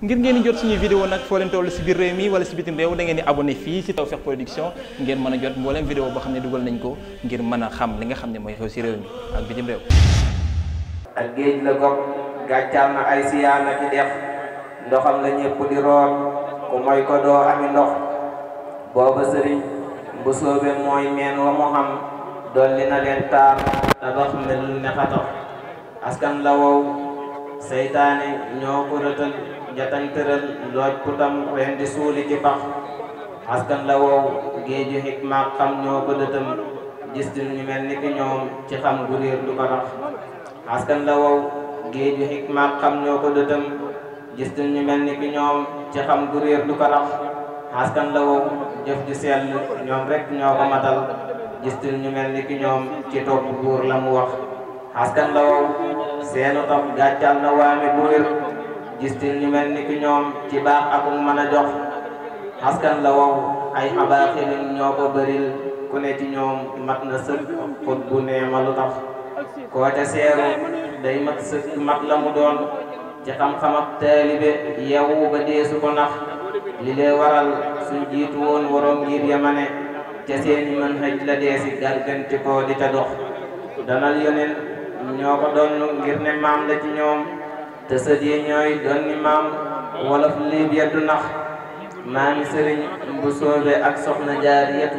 ngir ngeen di jot suñuy vidéo nag foo leen toll si biir réew mi wala si bitim réew da ngeen di abonné fii si Tawfekh Production ngeen mën a jot mbooleem vidéo boo xam ne dugal nañ ko ngir mën a xam li nga xam ne mooy xew si réew mi ak bitim géej la gopp gàccaam na ay siyaan a ci def ndoxam la ñëpp di root ku mooy ko doo ami ndox booba sëriñ bu mooy meen mu xam dolli na leen taar tabax melul ne xatax askan la wow seytaane ñoo ko rëtal jatañ tëral putam ren di suuli ci pax askan la wow géeju xikma xam ñoo ko gis di mel ni ki ci xam gu réer du ñoo ko dëtëm gis di ñu mel ni ki ñoom ci xam gu réer du ko rax askan la wow jëf ju sell ñoom rek ñoo ko matal gis di ñu mel ni ki ñoom ci topp buur la mu wax askan la wow seenu topp gàccal na waami kuréel gis ci ñu mel ni ki ñoom ci baax akum mën a jox askan la wow ay abaaxilin ñoo ko bëril ku ne ci ñoom mat na sëkk xut bu neema lu tax koo ca seeru day mat sëkk mat la mu doon ci xam-xam ak taalibe yewu ba deesu ko nax li lee waral suñ jiitu woon waroom ngir yamane ca seeni mën xëj la deesi garganti koo di ca dox danal yoneen ñoo ko doon ngir ne maam la ci ñoom te sët yi ñooy doon ni maam wolof lii bi du nax maami sëriñ bu soobe ak soxna jaariyatu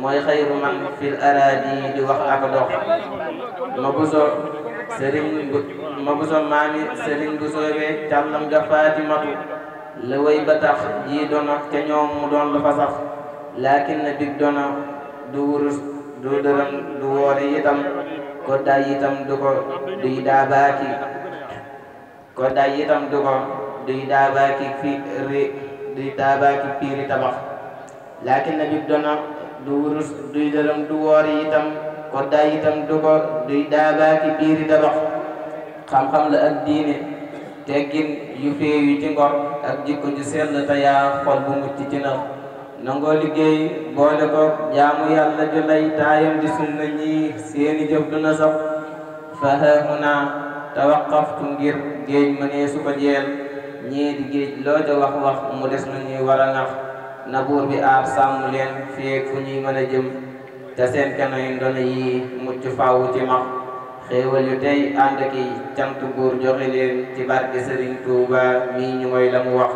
mooy xayru man fil araadi di wax ak dox ma buso sëriñ bu ma buso ga faatimatu la way ba tax ji doona ca ñoom mu doon lu fa sax laakin na big doona du wurus du dërëm du woore itam koddaay itam du ko duy daabaaki koddaay itam du ko duy daabaaki fiiri duy daabaaki piiri tabax laakin na jub dona du wurus duy dërëm du woori duy daabaaki piiri tabax xam-xam la ak diine teggin yu féew yu ci ngor ak jikko ju sell te yaa xol bu mucc ci nax nangoo liggéey boole ko jaamu yàlla ju lay taayam di sunna ñi seeni jëf na sab fa hahuna tawaqaftu ngir géej ma nee su ko jeel ñii géej loo ca wax wax mu des na ñuy war a nax na buur bi aar sàmm leen feeg fu ñuy mën a jëm te seen kanay ndono yi mu faaw ci max xéewal yu tey ànd ki cant buur joxe leen ci barke Sëriñ Tuuba mii ñu mu wax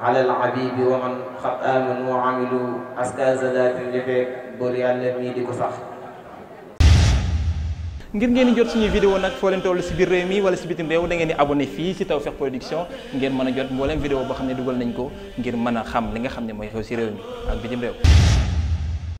على العبيب ومن قد آمنوا وعملوا أسكى زلات li fekk ngir ngeen jot suñuy vidéo nag foo leen si biir réew mi wala si bitim réew dangeen ngeen di abonné fii si Tawfekh Production ngeen mën a jot mbooleem vidéo boo xam ne dugal nañ ko ngir mën a xam li nga xam ne mooy xew si réew mi ak bitim réew.